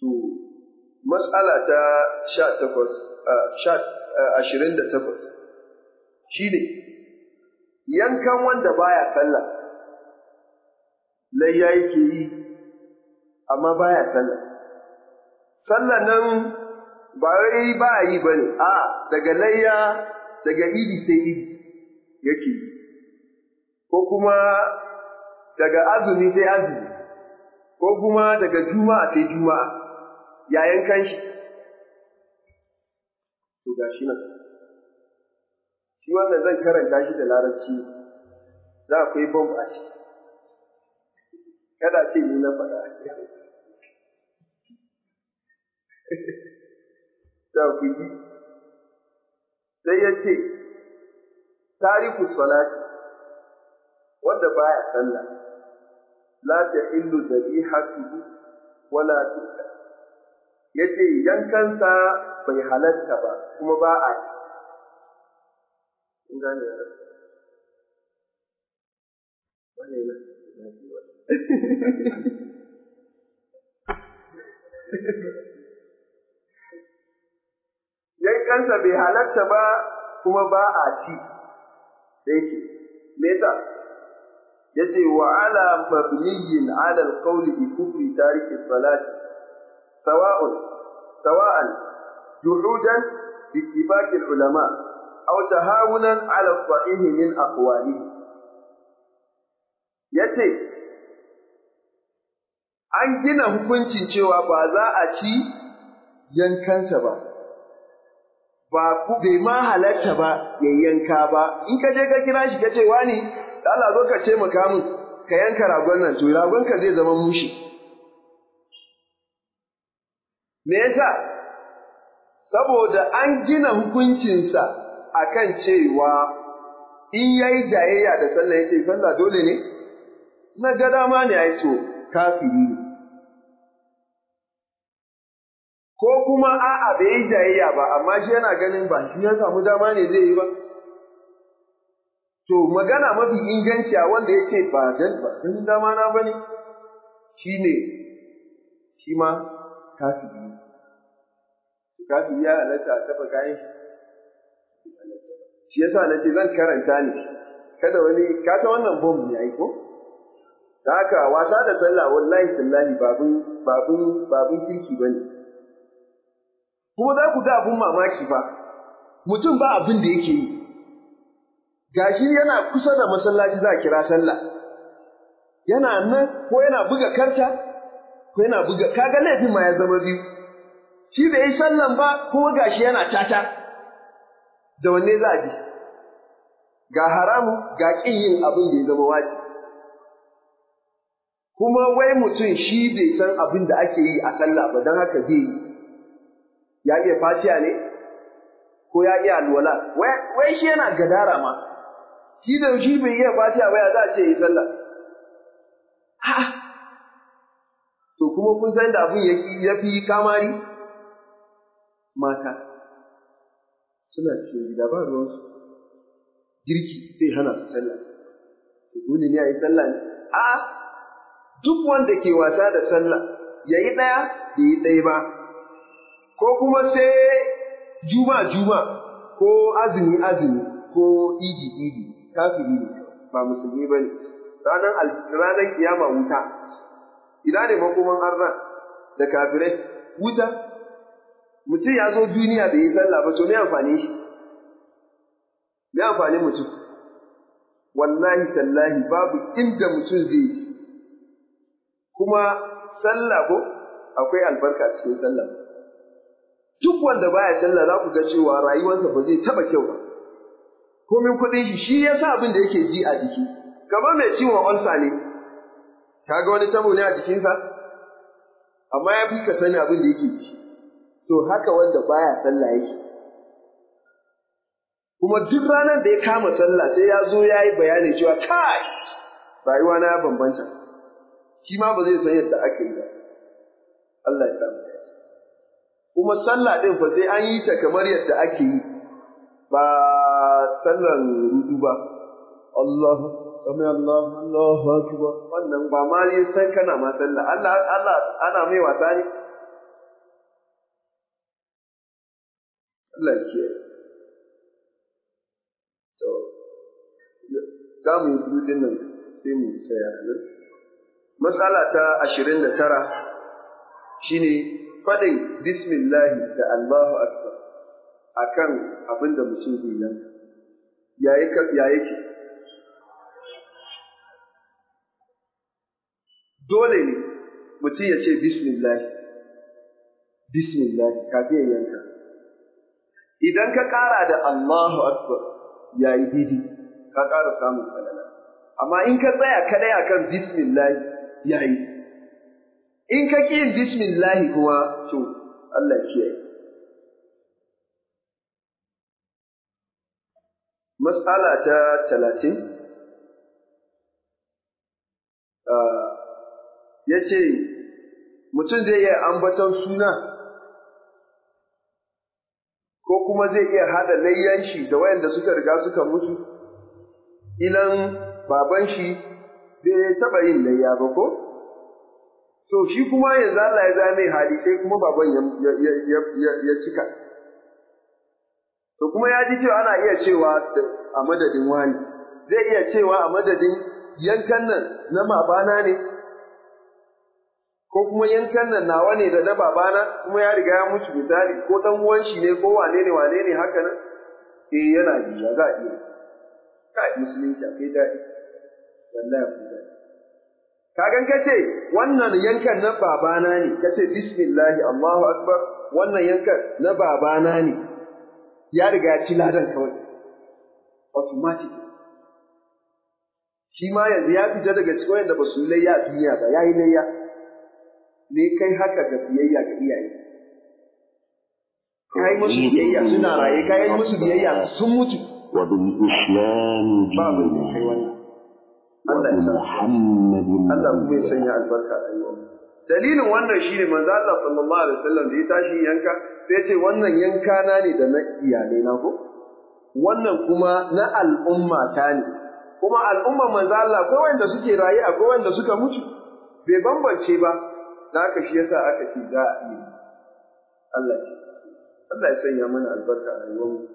To, matsala ta sha takwas, ashirin da takwas, shi ne, yankan wanda baya sallah, layya yake yi, amma baya sallah. Sallah nan ba wai ba yi ba ne, a daga layya, daga idi sai idi yake yi, ko kuma daga azumi sai azumi, ko kuma daga juma'a sai juma'a. ya yankan shi to ga shi nan shi wannan zan karanta shi da larabci za kai bomb a shi kada ce ni na faɗa za ku yi sai ya ce tariku salati wanda baya sallah la ta illu dhabihatuhu wala tuka ya ce yankansa bai halatta ba kuma ba a ci. gane ya Yankansa bai halatta ba kuma ba a ci, da yake, me Ya ce wa ala mabniyin ala alƙauli bi kufri tariki salati سواء سواء جحودا باتفاق العلماء أو تهاونا على الصحيح من أقواله يتي an gina hukuncin cewa ba za a ci yankansa ba ba ku bai ma halatta ba ya yanka ba in ka je ka kira shi ka ce wani Allah zo ka ce min ka yanka ragon nan to ragon ka zai zama mushi Me yasa? Saboda an gina hukuncinsa a kan cewa in ya yi jayayya da sallah yake sallah dole ne? Na ga dama ne ya to kafiri ne. Ko kuma a'a bai yi jayayya ba, amma shi yana ganin ba shi ya samu dama ne zai yi ba. To magana mafi inganci a wanda yake ba dan ba dama na bane shine shi ma kafiri kafi ya halatta a taɓa kayan shi yasa na je zan karanta ne kada wani ka san wannan bom ne ai ko da haka wasa da sallah wallahi sallahi babun babun babun kirki bane kuma za ku ga abun mamaki ba mutum ba abin da yake yi gashi yana kusa da masallaci za a kira sallah yana nan ko yana buga karta ko yana buga kaga laifin ma ya zama biyu shi bai yi sallan ba kuma gashi yana tata da wanne za a bi ga haramu ga ƙin yin abin da ya zama wajibi kuma wai mutum shi bai san abin da ake yi a sallah ba don haka zai yi ya iya fatiya ne ko ya iya alwala wai shi yana gadara ma shi da shi bai iya fatiya ba ya za a ce yi sallah ha to kuma kun san da abin ya fi kamari mata suna cikin gida ba ruwansu girki zai hana su sallah dole ne a yi sallah ne a duk wanda ke wasa da sallah ya yi ɗaya da yi ɗaya ba ko kuma sai juma juma ko azumi azumi ko idi idi kafiri ne ba musulmi ba ne ranar ranar kiyama wuta ina ne makoman arna da kafirai wuta mutum ya zo duniya da yi sallah ba to me amfani amfani mutum wallahi tallahi babu inda mutum zai yi kuma sallah ko akwai albarka cikin sallah duk wanda baya sallah za ku ga cewa rayuwarsa ba zai taba kyau ba komin kuɗin shi shi ya sa abin da yake ji a jiki kamar mai ciwon olsa ne kaga wani tabo ne a jikinsa amma ya fi ka sani abin da yake ji to haka wanda baya sallah yake kuma duk ranar da ya kama sallah sai ya zo ya yi bayani cewa kai rayuwa na ya bambanta shi ma ba zai san yadda aka yi ba Allah ya samu kuma sallah din fa sai an yi ta kamar yadda ake yi ba sallar rudu ba Allah sami Allah Allahu akbar wannan ba ma yi san kana ma sallah Allah Allah ana mai wasa ne Allah to za mu yi biyu sai mu tsaya nan matsala ta ashirin da tara shi ne faɗin bismillahi da Allahu akbar akan abin da mutum zai yanka ya yake dole ne mutum ya ce bismillahi bismillahi kafin ya yanka idan ka ƙara da Allahu Akbar ya yi didi ka ƙara samun falala amma in ka tsaya kadai akan bismillah ya yi in ka ƙi bismillah kuma to Allah ya yi mas'ala ta talatin ah, ya ce mutum zai yi ambaton suna ko kuma zai iya haɗa layyan shi da wayanda suka riga suka mutu ilan baban shi bai taɓa yin layya ba ko to shi kuma yanzu Allah ya zane hali sai kuma baban ya cika to kuma ya ji cewa ana iya cewa a madadin wani zai iya cewa a madadin yankan nan na mabana ne ko kuma yankan nan nawa ne da na babana kuma ya riga ya mutu misali ko dan uwan shi ne ko wane ne wane ne haka nan eh yana yiwa ya ga iya ka musulunci kai daɗi wallahi ku da ka ka ce wannan yankan na babana ne ka ce bismillahi Allahu akbar wannan yankan na babana ne ya riga ci ladan kawai automatic shi ma yanzu ya fita daga cikin wanda ba su yi layya a duniya ba ya yi layya me kai haka ga biyayya ga iyaye kai musu biyayya suna raye kai musu biyayya sun mutu wa bil islam babu ne kai wannan Allah ya Allah kuma ya sanya albarka a yau dalilin wannan shine manzo Allah sallallahu alaihi wasallam da ya tashi yanka sai ya ce wannan yanka na ne da na iyalai na ko wannan kuma na al'umma ta ne kuma al'umma manzo Allah akwai wanda suke raye akwai wanda suka mutu bai bambance ba da shi yasa aka ce za a yi Allah ce Allah ya sanya mana albarka a rayuwar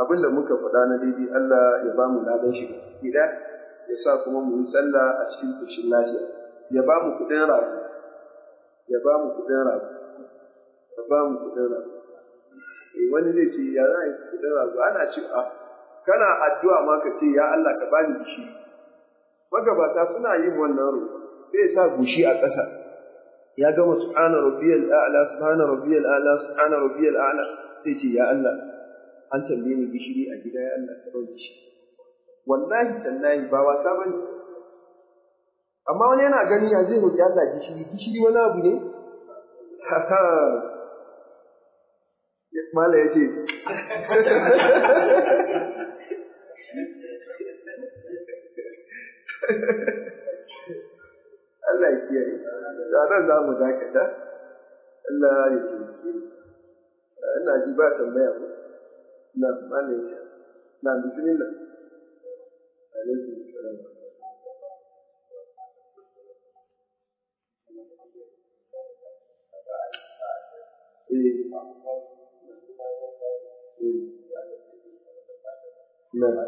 abin da muka faɗa na daidai Allah ya ba mu ladan shi gida ya sa kuma mu yi sallah a cikin kushin lafiya ya ba mu kuɗin rabu ya ba mu kuɗin rabu ya ba mu kuɗin rabu eh, wani zai ce ya za a yi kuɗin rabu ana ce a ah, kana addu'a ma ka ce ya Allah ka bani shi magabata suna yin wannan roƙo zai sa gushi a ƙasa ya gama subhana rabbiyal a'la subhana rabbiyal a'la subhana rabbiyal a'la sai ce ya Allah an tambaye ni gishiri a gida ya Allah ka dauke shi wallahi tallahi ba wasa bane amma wani yana gani ya zai roki Allah gishiri gishiri wani abu ne mala ce. nan za mu dakata Allah ya taimake ina ji ba tambaya ko na malaka na bismillah alaikum salam نعم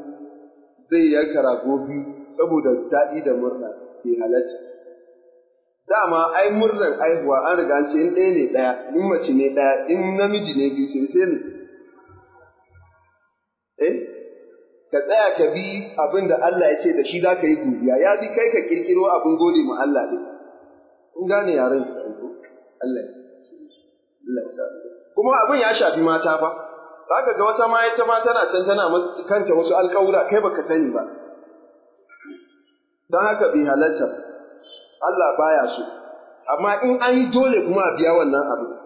zai yanka rago biyu saboda daɗi da murna ke halatta dama ai murnar aihuwa an riga an ce in ɗaya ne ɗaya in mace ne ɗaya in namiji ne biyu sai sai ne eh ka tsaya ka bi abin da Allah ya ce da shi za ka yi godiya ya bi kai ka kirkiro abin gode ma Allah ne kun gane yaren Allah Allah ya kuma abin ya shafi mata fa zaka ga wata ma ita ma tana can tana kanta wasu alƙawura kai baka sani ba don haka bai halarta Allah baya so amma in an yi dole kuma a biya wannan abu